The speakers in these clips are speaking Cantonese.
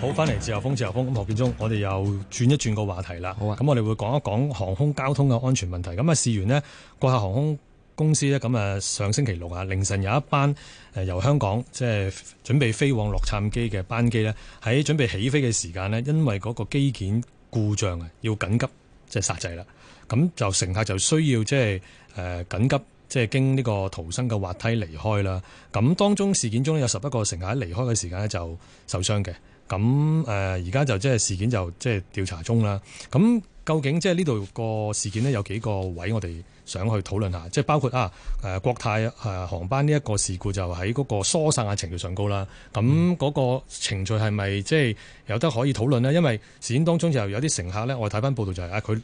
好，翻嚟自由風，自由風。咁，何建中我哋又轉一轉個話題啦。好啊，咁我哋會講一講航空交通嘅安全問題。咁啊，事緣呢，國泰航空公司咧，咁啊，上星期六啊，凌晨有一班、呃、由香港即係準備飛往洛杉磯嘅班機咧，喺準備起飛嘅時間呢，因為嗰個機件故障啊，要緊急即係煞制啦。咁就乘客就需要即係誒、呃、緊急即係經呢個逃生嘅滑梯離開啦。咁當中事件中有十一個乘客喺離開嘅時間咧就受傷嘅。咁誒，而家就即係事件就即係調查中啦。咁究竟即係呢度個事件呢，有幾個位我哋想去討論下。即係包括啊，誒國泰航班呢一個事故就喺嗰個疏散嘅程序上高啦。咁、嗯、嗰個程序係咪即係有得可以討論呢？因為事件當中就有啲乘客呢，我睇翻報道就係啊，佢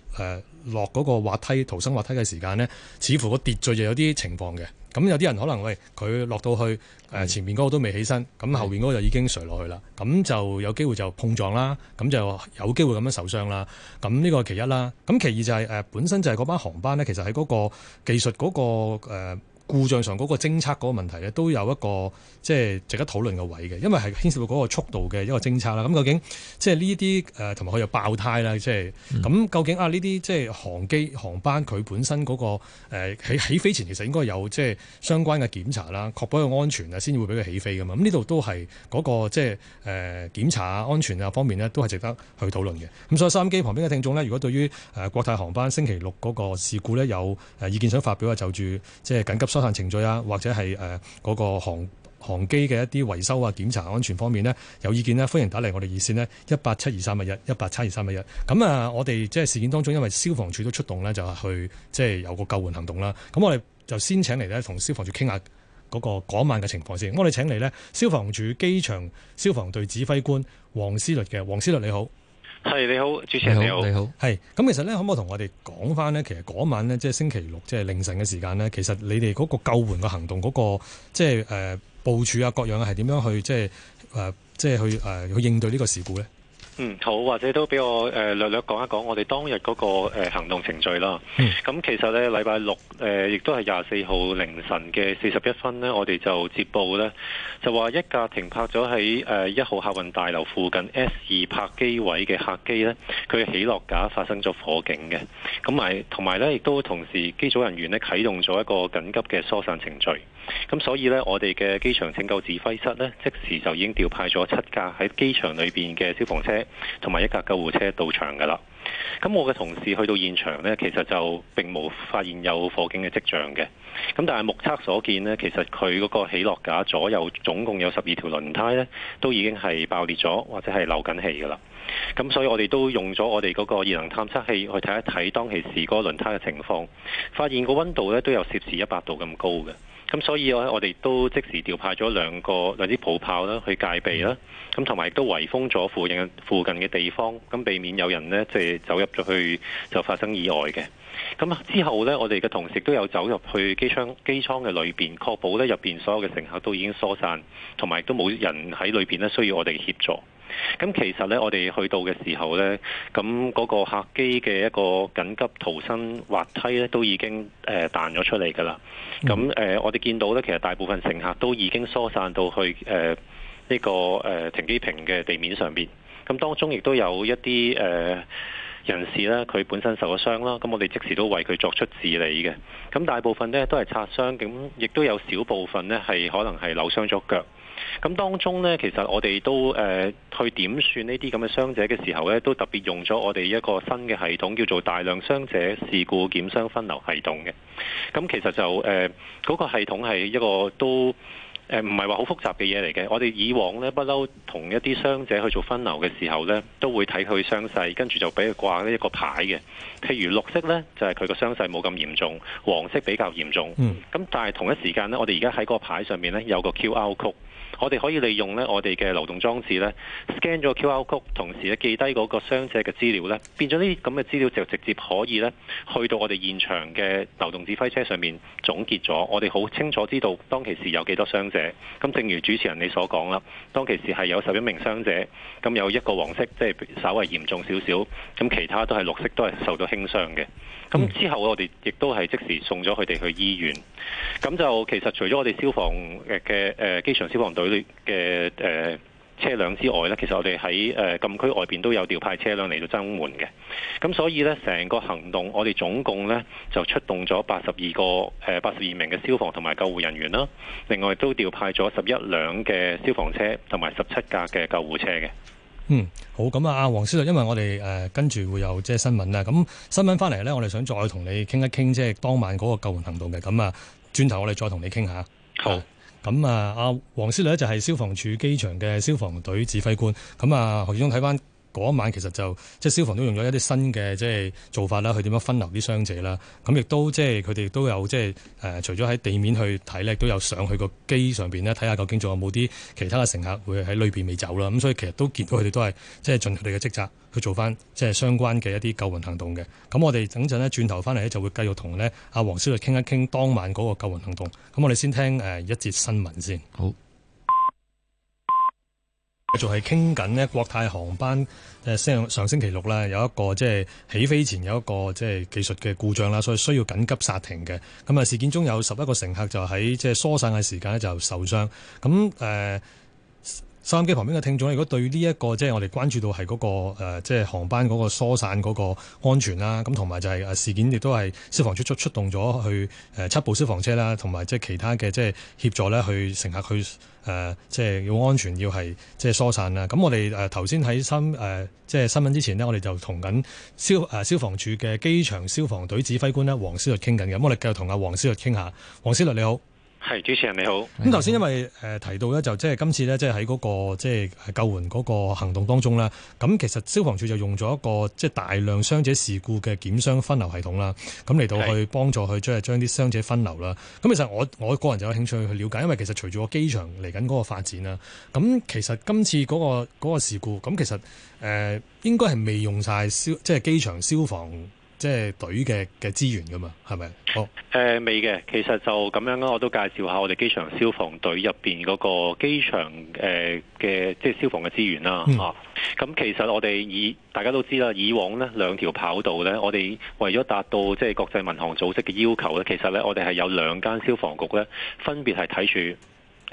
落嗰個滑梯逃生滑梯嘅時間呢，似乎個秩序就有啲情況嘅。咁有啲人可能喂佢落到去、呃、前面嗰個都未起身，咁後面嗰個就已經垂落去啦。咁就有機會就碰撞啦，咁就有機會咁樣受傷啦。咁呢個係其一啦。咁其二就係呃本身就係嗰班航班咧，其實喺嗰個技術嗰個呃故障上嗰個偵測嗰個問題咧，都有一個即係值得討論嘅位嘅，因為係牽涉到嗰個速度嘅一個偵測啦。咁究竟即係呢啲誒同埋佢又爆胎啦，即係咁究竟啊呢啲即係航機航班佢本身嗰、那個誒喺、呃、起，起飛前其實應該有即係、就是、相關嘅檢查啦，確保佢安全啊，先至會俾佢起飛噶嘛。咁呢度都係嗰、那個即係誒檢查啊、安全啊方面咧，都係值得去討論嘅。咁所以收音機旁邊嘅聽眾咧，如果對於誒國泰航班星期六嗰個事故咧有誒意見想發表啊，就住即係緊急。疏散程序啊，或者係誒、呃那個航航機嘅一啲維修啊、檢查安全方面咧，有意見咧，歡迎打嚟我哋熱線咧，一八七二三一一八七二三一一。咁啊，我哋即係事件當中，因為消防處都出動咧，就去即係、就是、有個救援行動啦。咁我哋就先請嚟咧，同消防處傾下嗰個嗰晚嘅情況先。我哋請嚟咧，消防處機場消防隊指揮官黃思律嘅，黃思律你好。係你好，主持人你好，你好。係咁，其實咧，可唔可以同我哋講翻咧？其實嗰晚咧，即係星期六，即係凌晨嘅時間咧，其實你哋嗰個救援嘅行動，嗰個即係誒部署啊，各樣啊，係點樣去即係誒，即係去誒去應對呢個事故咧？嗯，好，或者都俾我誒、呃、略略講一講我哋當日嗰、那個誒、呃、行動程序啦。咁、嗯、其實咧，禮拜六誒亦都係廿四號凌晨嘅四十一分呢，我哋就接報呢，就話一架停泊咗喺誒一號客運大樓附近 S 二泊機位嘅客機呢，佢起落架發生咗火警嘅，咁埋同埋呢，亦都同時機組人員呢，啟動咗一個緊急嘅疏散程序。咁所以呢，我哋嘅機場拯救指揮室呢，即時就已經調派咗七架喺機場裏邊嘅消防車同埋一架救護車到場噶啦。咁我嘅同事去到現場呢，其實就並冇發現有火警嘅跡象嘅。咁但係目測所見呢，其實佢嗰個起落架左右總共有十二條輪胎呢，都已經係爆裂咗或者係漏緊氣噶啦。咁所以我哋都用咗我哋嗰個熱能探測器去睇一睇當其時嗰個輪胎嘅情況，發現個溫度呢都有攝氏一百度咁高嘅。咁所以咧，我哋都即時調派咗兩個兩支普炮啦，去戒備啦。咁同埋都圍封咗附近附近嘅地方，咁避免有人咧即係走入咗去就發生意外嘅。咁之後咧，我哋嘅同事都有走入去機艙機艙嘅裏邊，確保咧入邊所有嘅乘客都已經疏散，同埋都冇人喺裏邊咧需要我哋協助。咁其實呢，我哋去到嘅時候呢，咁嗰個客機嘅一個緊急逃生滑梯呢，都已經誒、呃、彈咗出嚟噶啦。咁誒、呃，我哋見到呢，其實大部分乘客都已經疏散到去誒呢、呃這個誒、呃、停機坪嘅地面上邊。咁當中亦都有一啲誒、呃、人士呢，佢本身受咗傷啦。咁我哋即時都為佢作出治理嘅。咁大部分呢，都係擦傷，咁亦都有少部分呢，係可能係扭傷咗腳。咁當中呢，其實我哋都誒、呃、去點算呢啲咁嘅傷者嘅時候呢，都特別用咗我哋一個新嘅系統，叫做大量傷者事故檢傷分流系統嘅。咁其實就誒嗰、呃那個系統係一個都唔係話好複雜嘅嘢嚟嘅。我哋以往呢，不嬲同一啲傷者去做分流嘅時候呢，都會睇佢傷勢，跟住就俾佢掛呢一個牌嘅。譬如綠色呢，就係佢個傷勢冇咁嚴重，黃色比較嚴重。咁、嗯、但係同一時間呢，我哋而家喺個牌上面呢，有個 QR code。 我哋可以利用咧，我哋嘅流動裝置咧，scan 咗 QR code，同時咧記低嗰個傷者嘅資料咧，變咗呢啲咁嘅資料就直接可以咧，去到我哋現場嘅流動指揮車上面總結咗。我哋好清楚知道當其時有幾多傷者。咁正如主持人你所講啦，當其時係有十一名傷者，咁有一個黃色，即係稍為嚴重少少，咁其他都係綠色，都係受到輕傷嘅。咁之後我哋亦都係即時送咗佢哋去醫院。咁就其實除咗我哋消防嘅嘅誒機場消防隊。佢嘅誒車輛之外呢，其實我哋喺誒禁區外邊都有調派車輛嚟到增援嘅。咁所以呢，成個行動我哋總共呢就出動咗八十二個誒八十二名嘅消防同埋救護人員啦。另外都調派咗十一輛嘅消防車同埋十七架嘅救護車嘅。嗯，好。咁啊，黃思律，因為我哋誒跟住會有即係新聞咧。咁新聞翻嚟呢，我哋想再同你傾一傾，即係當晚嗰個救援行動嘅。咁啊，轉頭我哋再同你傾下。好。咁啊，阿黃思律就係消防處機場嘅消防隊指揮官。咁啊，何總睇返。嗰晚其實就即係消防都用咗一啲新嘅即係做法啦，去點樣分流啲傷者啦。咁亦都即係佢哋都有即係除咗喺地面去睇呢，都有上去個機上面呢，睇下究竟仲有冇啲其他嘅乘客會喺裏面未走啦。咁所以其實都見到佢哋都係即係盡佢哋嘅職責去做翻即係相關嘅一啲救援行動嘅。咁我哋等陣呢轉頭翻嚟就會繼續同呢阿黃小姐傾一傾當晚嗰個救援行動。咁我哋先聽一節新聞先。好。繼續係傾緊呢國泰航班誒，上星期六啦，有一個即係、就是、起飛前有一個即係、就是、技術嘅故障啦，所以需要緊急煞停嘅。咁啊，事件中有十一個乘客就喺即係疏散嘅時間就受傷。咁誒。呃收音機旁邊嘅聽眾，如果對呢、這、一個即係、就是、我哋關注到係嗰個即係、呃就是、航班嗰個疏散嗰個安全啦，咁同埋就係事件亦都係消防處出出動咗去誒七部消防車啦，同埋即係其他嘅即係協助咧，去乘客去誒，即、呃、係、就是、要安全要係即係疏散啦。咁我哋誒頭先喺新誒即係新聞之前呢，我哋就同緊消消防處嘅機場消防隊指揮官咧黃思律傾緊嘅，咁我哋繼續同阿黃思律傾下。黃思律你好。係主持人你好，咁頭先因為誒提到咧，就即係今次咧，即係喺嗰個即係救援嗰個行動當中啦。咁其實消防處就用咗一個即係大量傷者事故嘅檢傷分流系統啦，咁嚟到去幫助去即係將啲傷者分流啦。咁其實我我個人就有興趣去了解，因為其實隨住個機場嚟緊嗰個發展啦，咁其實今次嗰個嗰個事故，咁其實誒應該係未用曬消，即係機場消防。即係隊嘅嘅資源噶嘛，係咪？好、oh. 呃，誒未嘅，其實就咁樣啦，我都介紹下我哋機場消防隊入邊嗰個機場誒嘅、呃、即係消防嘅資源啦。吓、嗯、咁、啊、其實我哋以大家都知啦，以往呢兩條跑道呢，我哋為咗達到即係國際民航組織嘅要求呢，其實呢，我哋係有兩間消防局呢，分別係睇住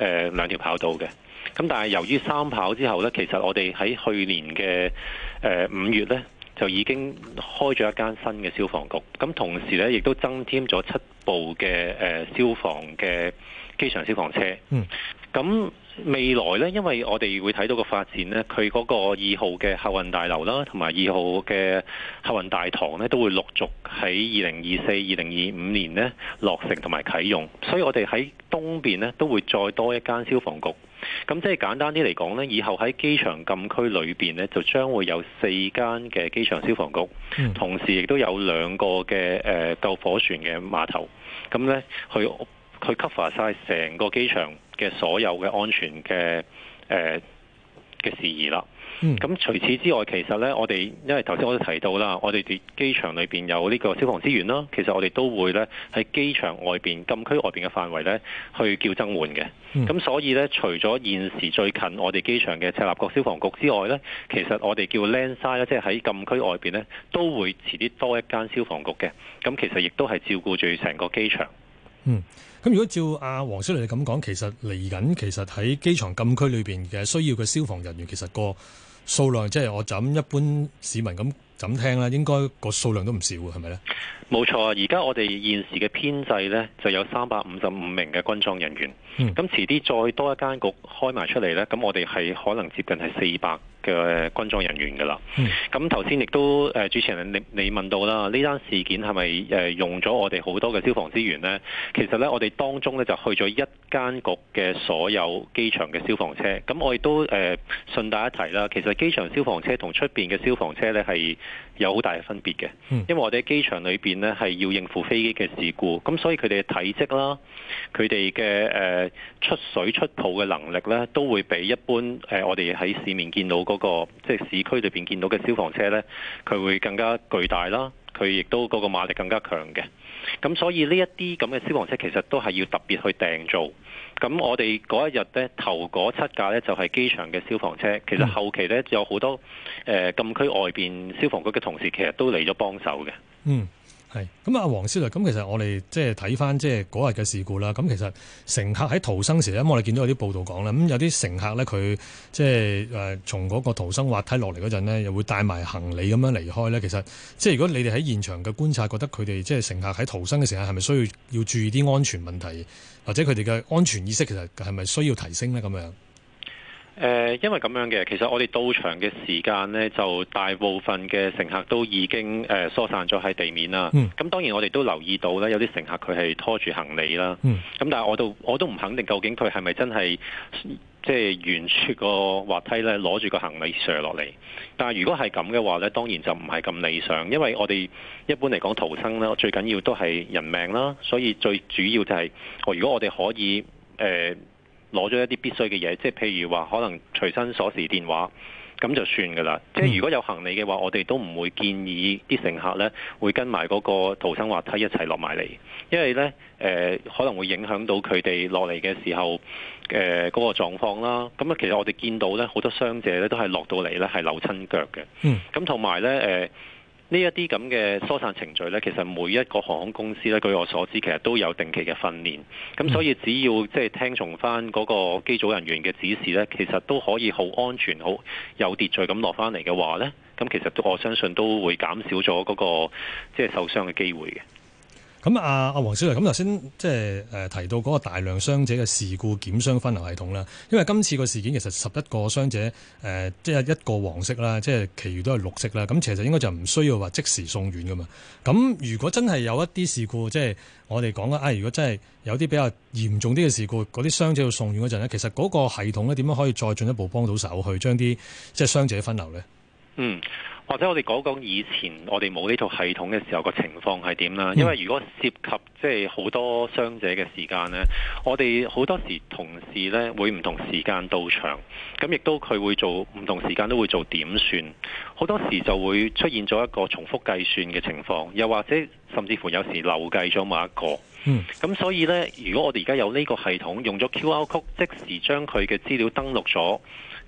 誒兩條跑道嘅。咁但係由於三跑之後呢，其實我哋喺去年嘅誒五月呢。就已經開咗一間新嘅消防局，咁同時咧，亦都增添咗七部嘅誒、呃、消防嘅機場消防車。嗯，咁未來呢，因為我哋會睇到個發展呢，佢嗰個二號嘅客運大樓啦，同埋二號嘅客運大堂呢，都會陸續喺二零二四、二零二五年呢落成同埋啟用，所以我哋喺東邊呢，都會再多一間消防局。咁即係簡單啲嚟講呢，以後喺機場禁區裏邊呢，就將會有四間嘅機場消防局，同時亦都有兩個嘅誒、呃、救火船嘅碼頭，咁呢，去去 cover 晒成個機場嘅所有嘅安全嘅嘅、呃、事宜啦。咁、嗯、除此之外，其實呢，我哋因為頭先我都提到啦，我哋地機場裏面有呢個消防資源啦。其實我哋都會呢，喺機場外邊禁區外邊嘅範圍呢，去叫增援嘅。咁、嗯、所以呢，除咗現時最近我哋機場嘅赤鱲角消防局之外呢，其實我哋叫 Landside 即係喺禁區外邊呢，都會遲啲多一間消防局嘅。咁其實亦都係照顧住成個機場。嗯，咁如果照阿黃思律你咁講，其實嚟緊其實喺機場禁區裏邊嘅需要嘅消防人員，其實個數量即係我就一般市民咁咁聽啦，應該個數量都唔少，係咪咧？冇錯，而家我哋現時嘅編制咧就有三百五十五名嘅軍裝人員，咁遲啲再多一間局開埋出嚟咧，咁我哋係可能接近係四百。嘅軍裝人員噶啦，咁頭先亦都誒主持人你你問到啦，呢單事件係咪誒用咗我哋好多嘅消防資源咧？其實咧，我哋當中咧就去咗一間局嘅所有機場嘅消防車，咁我亦都誒順帶一提啦，其實機場消防車同出邊嘅消防車咧係有好大嘅分別嘅，嗯，因為我哋喺機場裏邊咧係要應付飛機嘅事故，咁所以佢哋嘅體積啦，佢哋嘅誒出水出泡嘅能力咧都會比一般誒我哋喺市面見到，嗰個即係市區裏邊見到嘅消防車呢，佢會更加巨大啦。佢亦都嗰個馬力更加強嘅。咁所以呢一啲咁嘅消防車其實都係要特別去訂造。咁我哋嗰一日呢，頭嗰七架呢就係機場嘅消防車。其實後期呢有好多、呃、禁區外邊消防局嘅同事其實都嚟咗幫手嘅。嗯。係咁啊，黃思律咁，其實我哋即係睇返即係嗰日嘅事故啦。咁其實乘客喺逃生時咧，我哋見到有啲報道講啦，咁有啲乘客咧，佢即係誒從嗰個逃生滑梯落嚟嗰陣呢，又會帶埋行李咁樣離開咧。其實即係如果你哋喺現場嘅觀察，覺得佢哋即係乘客喺逃生嘅時候，係咪需要要注意啲安全問題，或者佢哋嘅安全意識其實係咪需要提升咧？咁樣？誒、呃，因為咁樣嘅，其實我哋到場嘅時間呢，就大部分嘅乘客都已經誒、呃、疏散咗喺地面啦。咁、嗯、當然我哋都留意到呢，有啲乘客佢係拖住行李啦。咁、嗯、但係我都我都唔肯定究竟佢係咪真係即係沿住個滑梯呢攞住個行李上落嚟。但係如果係咁嘅話呢，當然就唔係咁理想，因為我哋一般嚟講逃生呢最緊要都係人命啦，所以最主要就係、是呃、如果我哋可以誒。呃攞咗一啲必須嘅嘢，即係譬如話可能隨身鎖匙、電話，咁就算噶啦。即係如果有行李嘅話，我哋都唔會建議啲乘客呢會跟埋嗰個逃生滑梯一齊落埋嚟，因為呢，誒、呃、可能會影響到佢哋落嚟嘅時候誒嗰、呃嗰個狀況啦。咁啊，其實我哋見到呢，好多傷者呢都係落到嚟呢係扭親腳嘅。嗯，咁同埋呢。誒、呃。呢一啲咁嘅疏散程序呢，其實每一個航空公司呢，據我所知，其實都有定期嘅訓練。咁所以只要即係聽從翻嗰個機組人員嘅指示呢，其實都可以好安全、好有秩序咁落返嚟嘅話呢，咁其實我相信都會減少咗嗰、嗰個即係、即係、受傷嘅機會嘅。咁啊啊，黃思律咁頭先即係誒提到嗰個大量傷者嘅事故檢傷分流系統啦。因為今次個事件其實十一個傷者誒，即、呃、係一個黃色啦，即係其餘都係綠色啦。咁其實應該就唔需要話即時送院噶嘛。咁如果真係有一啲事故，即係我哋講啦，啊、哎、如果真係有啲比較嚴重啲嘅事故，嗰啲傷者要送院嗰陣呢，其實嗰個系統咧點樣可以再進一步幫到手去將啲即係傷者分流呢？嗯。或者我哋講講以前我哋冇呢套系統嘅時候個情況係點啦？因為如果涉及即係好多傷者嘅時間呢，我哋好多時同事呢會唔同時間到場，咁亦都佢會做唔同時間都會做點算，好多時就會出現咗一個重複計算嘅情況，又或者甚至乎有時漏計咗某一個。咁所以呢，如果我哋而家有呢個系統，用咗 QR Code 即時將佢嘅資料登錄咗。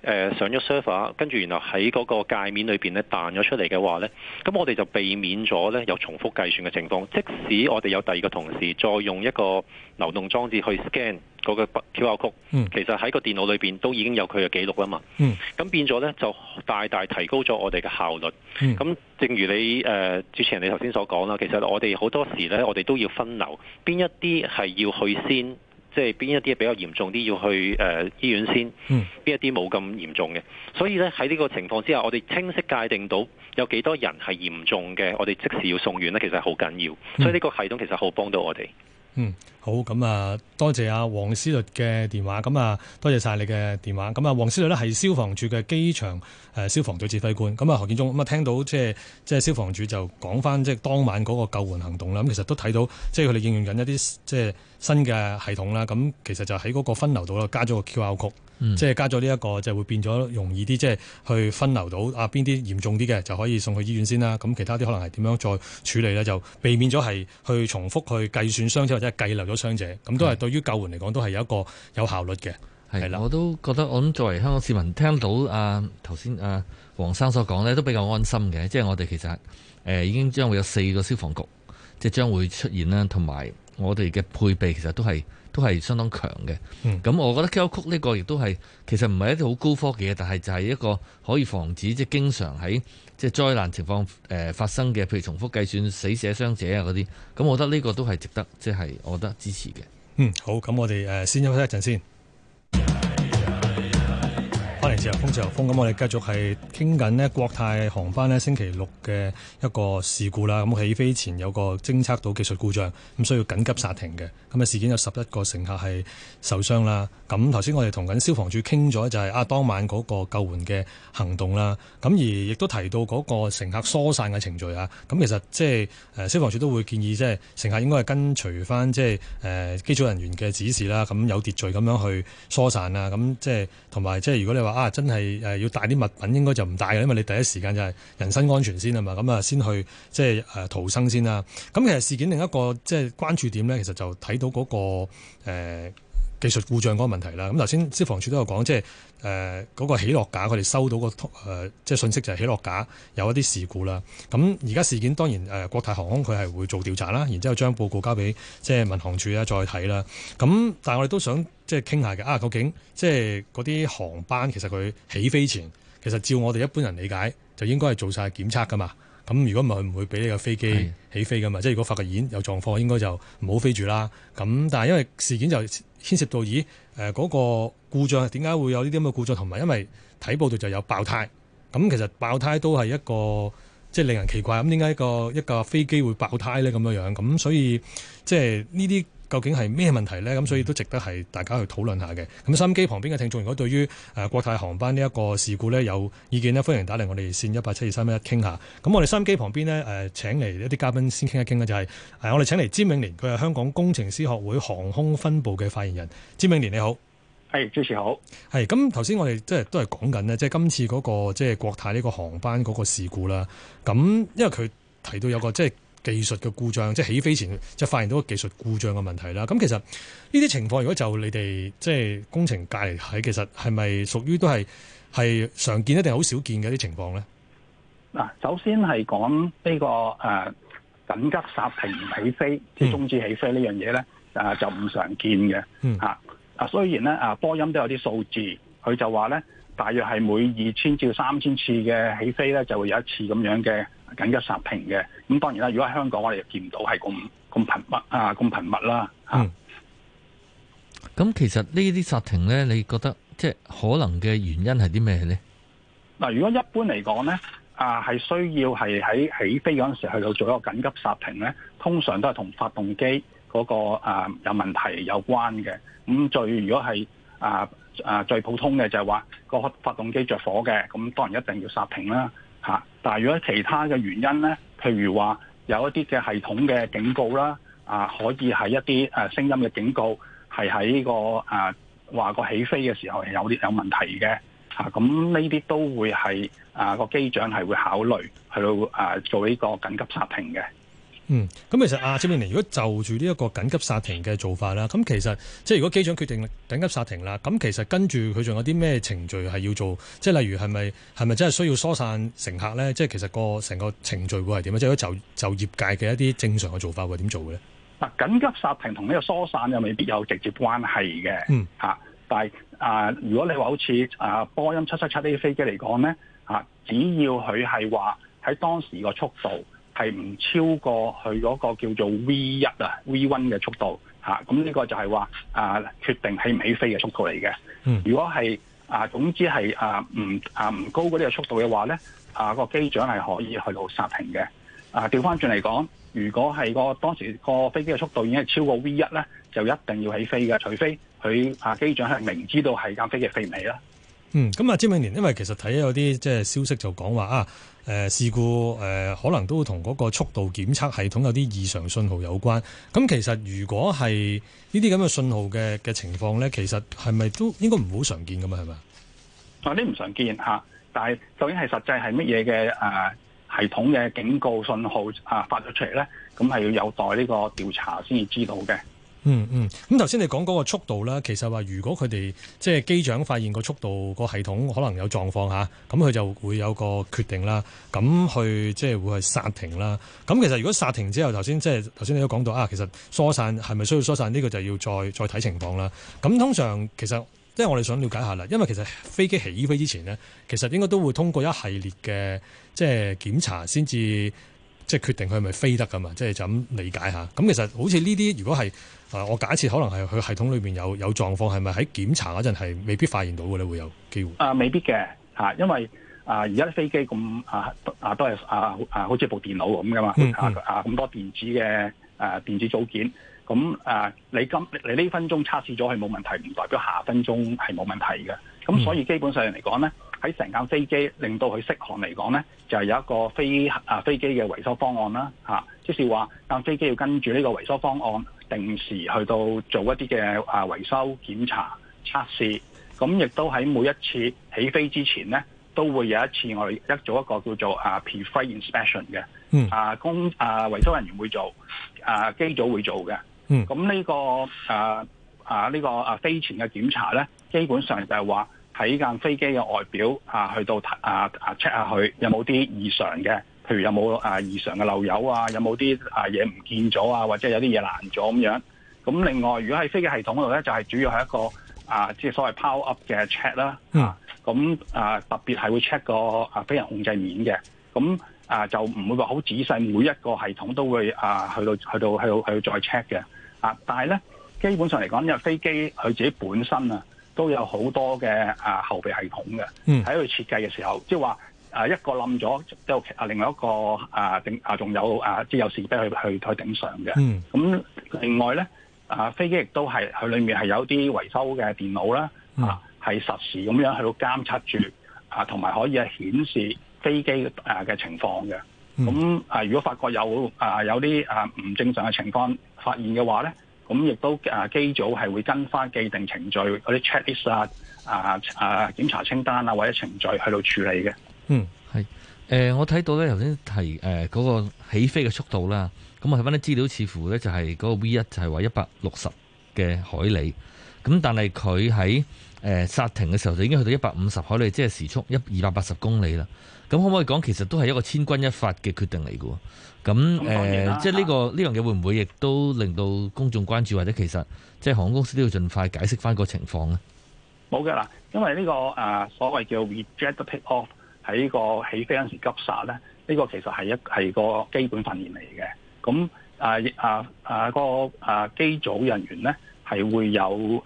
誒、呃、上咗 server，跟住然後喺嗰個界面裏面咧彈咗出嚟嘅話咧，咁我哋就避免咗咧有重複計算嘅情況。即使我哋有第二個同事再用一個流動裝置去 scan 嗰個 QR code、嗯，其實喺個電腦裏面都已經有佢嘅記錄啊嘛。咁、嗯、變咗咧就大大提高咗我哋嘅效率。咁、嗯、正如你誒主持人你頭先所講啦，其實我哋好多時咧我哋都要分流，邊一啲係要先去先。即係邊一啲比較嚴重啲要去誒、呃、醫院先，邊一啲冇咁嚴重嘅，所以咧喺呢個情況之下，我哋清晰界定到有幾多人係嚴重嘅，我哋即時要送院咧，其實係好緊要，所以呢個系統其實好幫到我哋。嗯。好咁啊，多謝啊黃思律嘅電話。咁啊，多謝晒你嘅電話。咁啊，黃思律呢係消防處嘅機場消防隊指揮官。咁啊，何建忠咁啊，聽到即係即係消防處就講返即係當晚嗰個救援行動啦。咁其實都睇到即係佢哋應用緊一啲即係新嘅系統啦。咁其實就喺嗰個分流度啦，嗯，加咗個 QR Code，即係加咗呢一個就會變咗容易啲，即係去分流到啊邊啲嚴重啲嘅就可以送去醫院先啦。咁其他啲可能係點樣再處理呢？就避免咗係去重複去計算傷者或者係計漏咗傷者，咁都係對於救援嚟講都係有一個有效率嘅系啦，我都覺得我諗作為香港市民聽到啊頭先啊黃生所講呢，都比較安心嘅，即係我哋其實誒、呃、已經將會有四個消防局，即係將會出現啦，同埋我哋嘅配備其實都係。都係相當強嘅，咁、嗯、我覺得 QR Code 呢個亦都係其實唔係一啲好高科技嘅，但係就係一個可以防止即係、就是、經常喺即係災難情況誒發生嘅，譬如重複計算死者傷者啊嗰啲，咁我覺得呢個都係值得即係、就是、我覺得支持嘅。嗯，好，咁我哋誒先休息一陣先。自由風，自由風。咁我哋繼續係傾緊呢國泰航班呢星期六嘅一個事故啦。咁起飛前有個偵測到技術故障，咁需要緊急煞停嘅。咁事件有十一個乘客係受傷啦。咁頭先我哋同緊消防處傾咗，就係啊當晚嗰個救援嘅行動啦。咁而亦都提到嗰個乘客疏散嘅程序啊。咁其實即係消防處都會建議即係乘客應該係跟隨翻即係誒機組人員嘅指示啦。咁有秩序咁樣去疏散啦。咁即係同埋即係如果你話。啊、真係誒、呃、要帶啲物品，應該就唔帶嘅，因為你第一時間就係人身安全先啊嘛，咁啊先去即係誒逃生先啦。咁、啊、其實事件另一個即係、就是、關注點咧，其實就睇到嗰、那個、呃技術故障嗰個問題啦。咁頭先，消防處都有講，即係誒嗰個起落架，佢哋收到個誒、呃、即係信息就係起落架有一啲事故啦。咁而家事件當然誒、呃、國泰航空佢係會做調查啦，然之後將報告交俾即係民航處咧再睇啦。咁但係我哋都想即係傾下嘅啊，究竟即係嗰啲航班其實佢起飛前，其實照我哋一般人理解就應該係做晒檢測噶嘛。咁如果唔係，佢唔會俾你個飛機起飛噶嘛。係即係如果發覺有狀況，應該就唔好飛住啦。咁但係因為事件就。牽涉到咦誒嗰、嗰個故障，點解會有呢啲咁嘅故障，同埋因為睇報道就有爆胎，咁其實爆胎都係一個即係、即係、令人奇怪，咁點解一個一架飛機會爆胎咧咁樣樣咁，所以即係呢啲。即係究竟係咩問題呢？咁所以都值得係大家去討論下嘅。咁收音機旁邊嘅聽眾如果對於誒國泰航班呢一個事故呢，有意見呢，歡迎打嚟我哋線 187, 231, 一八七二三一一傾下。咁我哋收音機旁邊呢，誒、呃、請嚟一啲嘉賓先傾一傾咧，就係、是、誒、呃、我哋請嚟詹永年，佢係香港工程師學會航空分部嘅發言人。詹永年你好，係主持好，係。咁頭先我哋即係都係講緊呢，即、就、係、是、今次嗰、那個即係、就是、國泰呢個航班嗰個事故啦。咁因為佢提到有個即係。就是技術嘅故障，即係起飛前就發現到個技術故障嘅問題啦。咁其實呢啲情況，如果就你哋即係工程界嚟睇，其實係咪屬於都係係常見，一定係好少見嘅啲情況咧？嗱，首先係講呢個誒、啊、緊急剎停唔起飛，即係中止起飛這件事呢樣嘢咧，啊就唔常見嘅嚇。啊，雖然咧啊波音都有啲數字，佢就話咧。大約係每二千至三千次嘅起飛咧，就會有一次咁樣嘅緊急剎停嘅。咁當然啦，如果喺香港，我哋就見唔到係咁咁頻密啊，咁頻密啦。嗯。咁其實呢啲剎停咧，你覺得即係可能嘅原因係啲咩咧？嗱，如果一般嚟講咧，啊係需要係喺起飛嗰陣時去到做一個緊急剎停咧，通常都係同發動機嗰個啊有問題有關嘅。咁最如果係啊。呃啊，最普通嘅就係話個發動機着火嘅，咁當然一定要煞停啦嚇。但係如果其他嘅原因咧，譬如話有一啲嘅系統嘅警告啦，啊可以係一啲誒聲音嘅警告，係喺、呢個誒話個起飛嘅時候係有啲有問題嘅嚇，咁呢啲都會係啊、嗰個機長係會考慮去到啊做呢個緊急煞停嘅。嗯，咁、嗯嗯、其實阿詹永年，如果就住呢一個緊急煞停嘅做法啦，咁其實即係如果機長決定緊急煞停啦，咁其實跟住佢仲有啲咩程序係要做，即係例如係咪係咪真係需要疏散乘客咧？即係其實、個成個程序會係點啊？即係如果就就業界嘅一啲正常嘅做法會點做咧？嗱，緊急煞停同呢個疏散又未必有直接關係嘅，嗯，啊、但係啊，如果你話好似啊波音七七七呢啲飛機嚟講咧，嚇、啊，只要佢係話喺當時個速度。係唔超過佢嗰個叫做 V 一啊 V one 嘅速度吓，咁呢、啊這個就係話啊決定起唔起飛嘅速度嚟嘅、嗯。如果係啊總之係啊唔啊唔高嗰啲嘅速度嘅話咧，啊、這個機長係可以去到煞停嘅。啊調翻轉嚟講，如果係個當時個飛機嘅速度已經係超過 V 一咧，就一定要起飛嘅，除非佢啊機長係明知道係架飛機飛唔起啦。嗯，咁、嗯、啊詹永年，因為其實睇有啲即係消息就講話啊。誒、呃、事故誒、呃、可能都同嗰個速度檢測系統有啲異常信號有關。咁其實如果係呢啲咁嘅信號嘅嘅情況咧，其實係咪都應該唔好常見㗎嘛？係咪啊？啲唔常見嚇、啊，但係究竟係實際係乜嘢嘅誒系統嘅警告信號啊發咗出嚟咧？咁係要有待呢個調查先至知道嘅。嗯嗯，咁頭先你講嗰個速度啦，其實話如果佢哋即係機長發現個速度個系統可能有狀況下咁佢就會有個決定啦，咁去即係會去剎停啦。咁其實如果剎停之後，頭先即係頭先你都講到啊，其實疏散係咪需要疏散呢個就要再再睇情況啦。咁通常其實即係、就是、我哋想了解下啦，因為其實飛機起飛之前呢，其實應該都會通過一系列嘅即係檢查先至。即係決定佢係咪飛得㗎嘛？即係就咁、是、理解一下。咁其實好似呢啲，如果係啊，我假設可能係佢系統裏邊有有狀況，係咪喺檢查嗰陣係未必發現到嘅咧？會有機會啊？未必嘅嚇，因為啊，而家啲飛機咁啊都啊都係啊啊好似部電腦咁㗎嘛，嗯嗯啊咁多電子嘅誒、啊、電子組件。咁、啊、誒，你今你呢分鐘測試咗係冇問題，唔代表下分鐘係冇問題嘅。咁所以基本上嚟講咧。嗯嗯啊喺成架飛機令到佢適航嚟講咧，就係有一個飛啊飛機嘅維修方案啦，嚇，即是話架飛機要跟住呢個維修方案，定時去到做一啲嘅啊維修檢查測試，咁亦都喺每一次起飛之前咧，都會有一次我哋一做一個叫做啊 pre-flight inspection 嘅，啊工啊維修人員會做，啊機組會做嘅，咁呢個啊啊呢個啊飛前嘅檢查咧，基本上就係話。喺架飛機嘅外表啊，去到啊啊 check 下佢有冇啲異常嘅，譬如有冇啊異常嘅漏油啊，有冇啲啊嘢唔見咗啊，或者有啲嘢爛咗咁樣。咁另外，如果喺飛機系統嗰度咧，就係、是、主要係一個啊，即係所謂 power up 嘅 check 啦。咁、嗯、啊，特別係會 check 個啊飛行控制面嘅。咁啊，就唔會話好仔細，每一個系統都會啊去到去到去到去到再 check 嘅。啊，但係咧，基本上嚟講，因、這、為、個、飛機佢自己本身啊。都有好多嘅啊後備系統嘅，喺佢設計嘅時候，即係話啊一個冧咗，即啊另外一個啊頂啊仲有啊即係有設備去去去頂上嘅。咁、嗯啊、另外咧啊飛機亦都係佢裡面係有啲維修嘅電腦啦，啊係、嗯、實時咁樣去到監測住啊，同埋可以顯示飛機嘅啊嘅情況嘅。咁啊如果發覺有啊有啲啊唔正常嘅情況發現嘅話咧，咁亦都誒機、啊、組係會跟翻既定程序嗰啲 check list 啊啊啊檢查清單啊或者程序去到處理嘅。嗯，係、呃。我睇到咧，頭先提嗰、呃嗰個起飛嘅速度啦，咁我睇翻啲資料，似乎咧就係、係、嗰個 V 一就係話一百六十嘅海里。咁但係佢喺誒煞停嘅時候就已經去到一百五十海里，即、就、係、是、時速一二百八十公里啦。咁可唔可以講其實都係一個千鈞一髮嘅決定嚟嘅？咁誒，即係呢個呢、啊、樣嘢會唔會亦都令到公眾關注，或者其實即係、就是、航空公司都要盡快解釋翻個情況呢？冇嘅嗱，因為呢、這個誒、呃、所謂叫 rejected take off 喺個起飛嗰陣時急剎咧，呢、這個其實係一係個,個基本訓練嚟嘅。咁啊啊啊個啊機組人員咧。係會有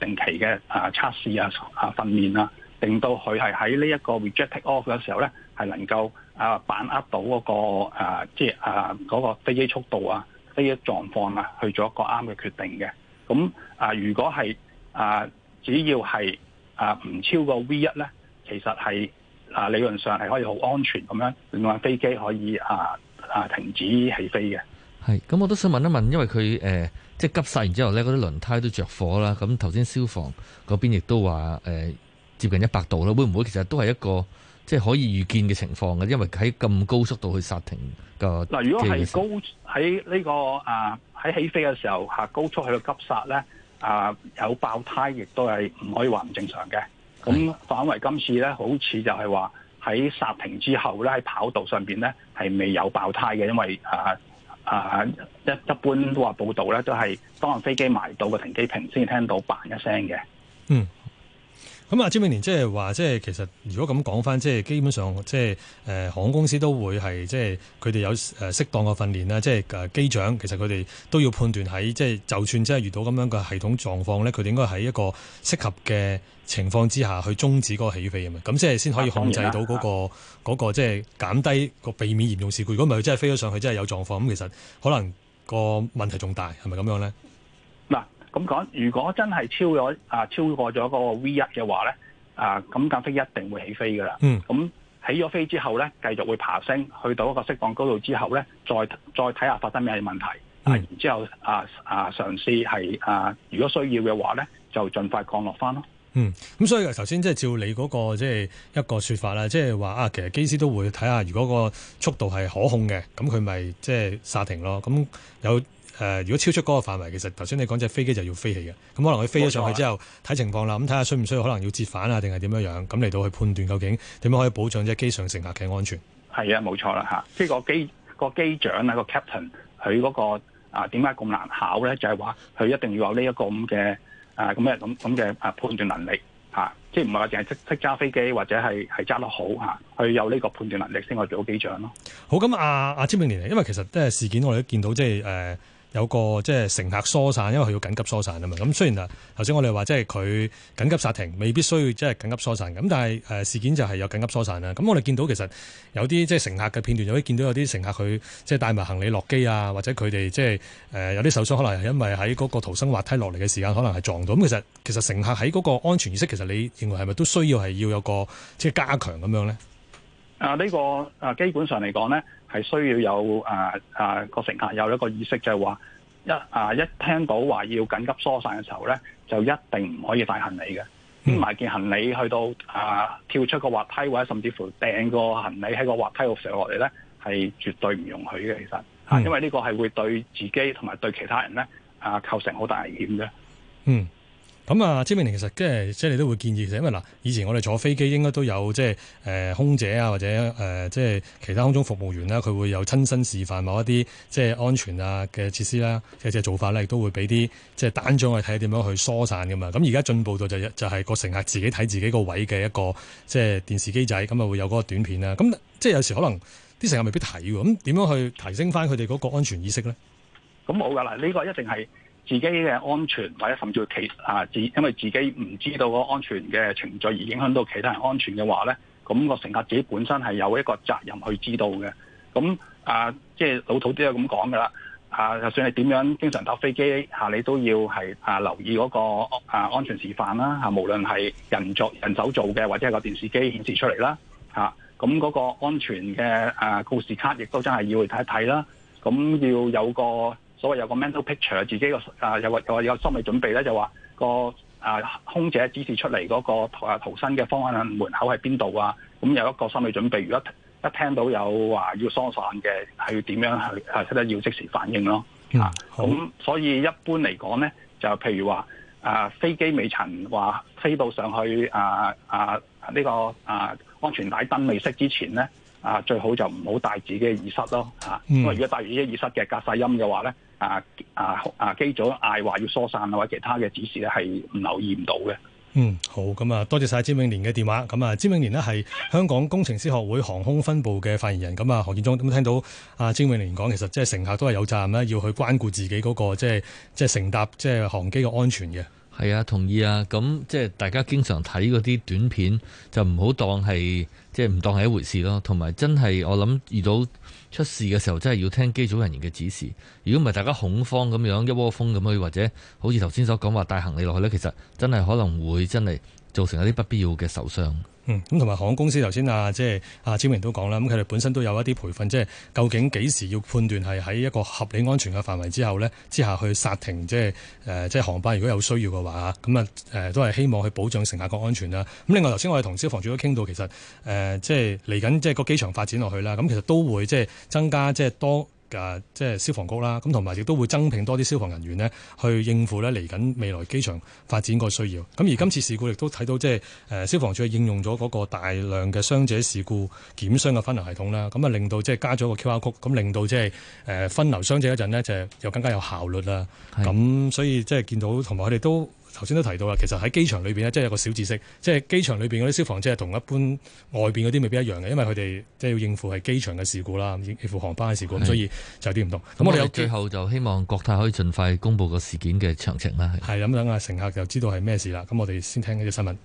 定期嘅誒測試啊、訓練啊，令到佢係喺呢一個 reject take off 嘅時候咧，係能夠誒把握到嗰、嗰個即係嗰個飛機速度啊、飛機狀況啊，去做一個啱嘅決定嘅。咁如果係只要係誒唔超過 V 一咧，其實係理論上係可以好安全咁樣，另外飛機可以停止起飛嘅。係，咁我都想問一問，因為佢、呃、即係急煞完之後咧，嗰啲輪胎都着火啦。咁頭先消防嗰邊亦都話接近一百度啦，會唔會其實都係一個即係可以預見嘅情況嘅？因為喺咁高速度去煞停個嗱，如果係高喺呢、呢個啊喺起飛嘅時候下、啊、高速去到急煞咧啊，有爆胎亦都係唔可以話唔正常嘅。咁反為今次咧，好似就係話喺煞停之後咧，喺跑道上面咧係未有爆胎嘅，因為啊。啊！一一般都話報道咧，都係當飛機埋到個停機坪先聽到嘭一聲嘅。嗯。咁啊，詹永年即係話，即係其實如果咁講翻，即係基本上，即係誒航空公司都會係即係佢哋有誒適當嘅訓練啦。即係機長其實佢哋都要判斷，喺即係，就算真係遇到咁樣嘅系統狀況咧，佢哋應該喺一個適合嘅情況之下，去終止個起飛啊嘛。咁即係先可以控制到嗰、嗰個嗰、啊嗰個即係減低個避免嚴重事故。如果唔係，佢真係飛咗上去真，真係有狀況，咁其實可能個問題仲大，係咪咁樣咧？咁講，如果真係超咗啊，超過咗嗰個 V 一嘅話咧，啊，咁架飛一定會起飛噶啦。嗯。咁起咗飛之後咧，繼續會爬升，去到一個適當高度之後咧，再再睇下發生咩問題。係、嗯。然之後啊啊，嘗試係啊，如果需要嘅話咧，就盡快降落翻咯。嗯。咁、嗯、所以頭先即係照你嗰、那個即係、就是、一個説法啦，即係話啊，其實機師都會睇下如果個速度係可控嘅，咁佢咪即係剎停咯。咁有。誒、呃，如果超出嗰個範圍，其實頭先你講隻飛機就要飛起嘅，咁可能佢飛咗上去之後，睇情況啦，咁睇下需唔需要可能要折返啊，定係點樣樣，咁嚟到去判斷究竟點樣可以保障啫機上乘客嘅安全。係啊，冇錯啦嚇，即係個機，機，機，機、個機長啊，個 captain，佢嗰個啊點解咁難考咧？就係話佢一定要有呢一個咁嘅啊咁嘅咁咁嘅啊判斷能力、啊、即係唔係話淨係識揸飛機或者係係揸得好佢、啊、有呢個判斷能力先可以做到機長咯。好，咁阿阿詹永年，因為其實即事件我，我哋都見到即係有個即係乘客疏散，因為佢要緊急疏散啊嘛。咁雖然啊，頭先我哋話即係佢緊急煞停，未必需要即係緊急疏散咁，但係誒事件就係有緊急疏散啦。咁我哋見到其實有啲即係乘客嘅片段，就可以見到有啲乘客佢即係帶埋行李落機啊，或者佢哋即係誒有啲受傷，可能係因為喺嗰個逃生滑梯落嚟嘅時間，可能係撞到。咁其實其實乘客喺嗰個安全意識，其實你認為係咪都需要係要有個即係加強咁樣咧？啊！呢、這個啊，基本上嚟講咧，係需要有啊啊個乘客有一個意識，就係、是、話一啊一聽到話要緊急疏散嘅時候咧，就一定唔可以帶行李嘅，拎、嗯、埋件行李去到啊跳出個滑梯或者甚至乎掟個行李喺個滑梯度掉落嚟咧，係絕對唔容許嘅，其實、嗯、因為呢個係會對自己同埋對其他人咧啊構成好大危險嘅，嗯。咁啊，知明玲其實即係即係你都會建議，其實因為嗱，以前我哋坐飛機應該都有即係誒空姐啊，或者誒即係其他空中服務員啦，佢會有親身示範某一啲即係安全啊嘅設施啦，嘅嘅做法咧，亦都會俾啲即係單張去睇點樣去疏散㗎嘛。咁而家進步到就係、就係、係、個乘客自己睇自己個位嘅一個即係電視機仔，咁啊會有嗰個短片啦。咁即係有時可能啲乘客未必睇喎。咁點樣去提升翻佢哋嗰個安全意識咧？咁冇噶啦，呢、呢個一定係。自己嘅安全，或者甚至佢其啊，自因為自己唔知道個安全嘅程序而影響到其他人安全嘅話咧，咁個乘客自己本身係有一個責任去知道嘅。咁啊，即係老土啲咁講噶啦，啊，就算係點樣經常搭飛機，嚇，啊，你都要係啊留意嗰個啊安全示範啦嚇，無論係人作人手做嘅，或者係個電視機顯示出嚟啦，嚇，咁嗰個安全嘅啊告示卡亦都真係要睇一睇啦。咁要有個。所謂有個 mental picture，自己有有有有一個啊又話有心理準備咧，就話個啊空姐指示出嚟嗰個啊逃生嘅方向門口係邊度啊？咁、嗯、有一個心理準備，如果一,一聽到有話要疏散嘅，係要點樣去啊？即係要即、啊、時反應咯。嗯、啊，咁所以一般嚟講咧，就譬如話啊，飛機未曾話飛到上去啊啊呢、這個啊安全帶燈未熄之前咧，啊，最好就唔好戴自己嘅耳塞咯嚇。咁、嗯、啊，如果戴住啲耳塞嘅隔曬音嘅話咧，啊啊啊機組嗌話要疏散啊，或者其他嘅指示咧，係唔留意唔到嘅。嗯，好，咁啊，多謝晒詹永年嘅電話。咁啊，詹永年咧係香港工程師學會航空分部嘅發言人。咁啊，何建忠，咁聽到阿詹永年講，其實即係乘客都係有責任咧，要去關顧自己嗰、那個即係即係乘搭即係航機嘅安全嘅。係啊，同意啊。咁即係大家經常睇嗰啲短片，就唔好當係，即係唔當係一回事咯。同埋真係我諗遇到出事嘅時候，真係要聽機組人員嘅指示。如果唔係，大家恐慌咁樣一窩蜂咁去，或者好似頭先所講話帶行李落去呢，其實真係可能會真係造成一啲不必要嘅受傷。嗯，咁同埋航空公司頭先啊，即係啊，詹明都講啦，咁佢哋本身都有一啲培訓，即係究竟幾時要判斷係喺一個合理安全嘅範圍之後呢，之下去煞停，即係、呃、即係航班如果有需要嘅話，咁啊、呃、都係希望去保障乘客個安全啦、啊。咁另外頭先我哋同消防處都傾到，其實誒、呃，即係嚟緊即係個機場發展落去啦，咁其實都會即係增加即係多。誒，即係消防局啦，咁同埋亦都會增聘多啲消防人員呢，去應付咧嚟緊未來機場發展個需要。咁而今次事故亦都睇到，即係消防處應用咗嗰個大量嘅傷者事故檢傷嘅分流系統啦，咁啊令到即係加咗個 QR Code，咁令到即係分流傷者一陣呢，就又更加有效率啦。咁所以即係見到同埋佢哋都。頭先都提到啦，其實喺機場裏邊咧，即係有個小知識，即係機場裏邊嗰啲消防車係同一般外邊嗰啲未必一樣嘅，因為佢哋即係要應付係機場嘅事故啦，應應付航班嘅事故，咁所以就有啲唔同。咁、嗯、我們有最後就希望國泰可以盡快公布個事件嘅詳情啦。係，係諗一諗啊，乘客就知道係咩事啦。咁我哋先聽呢隻新聞。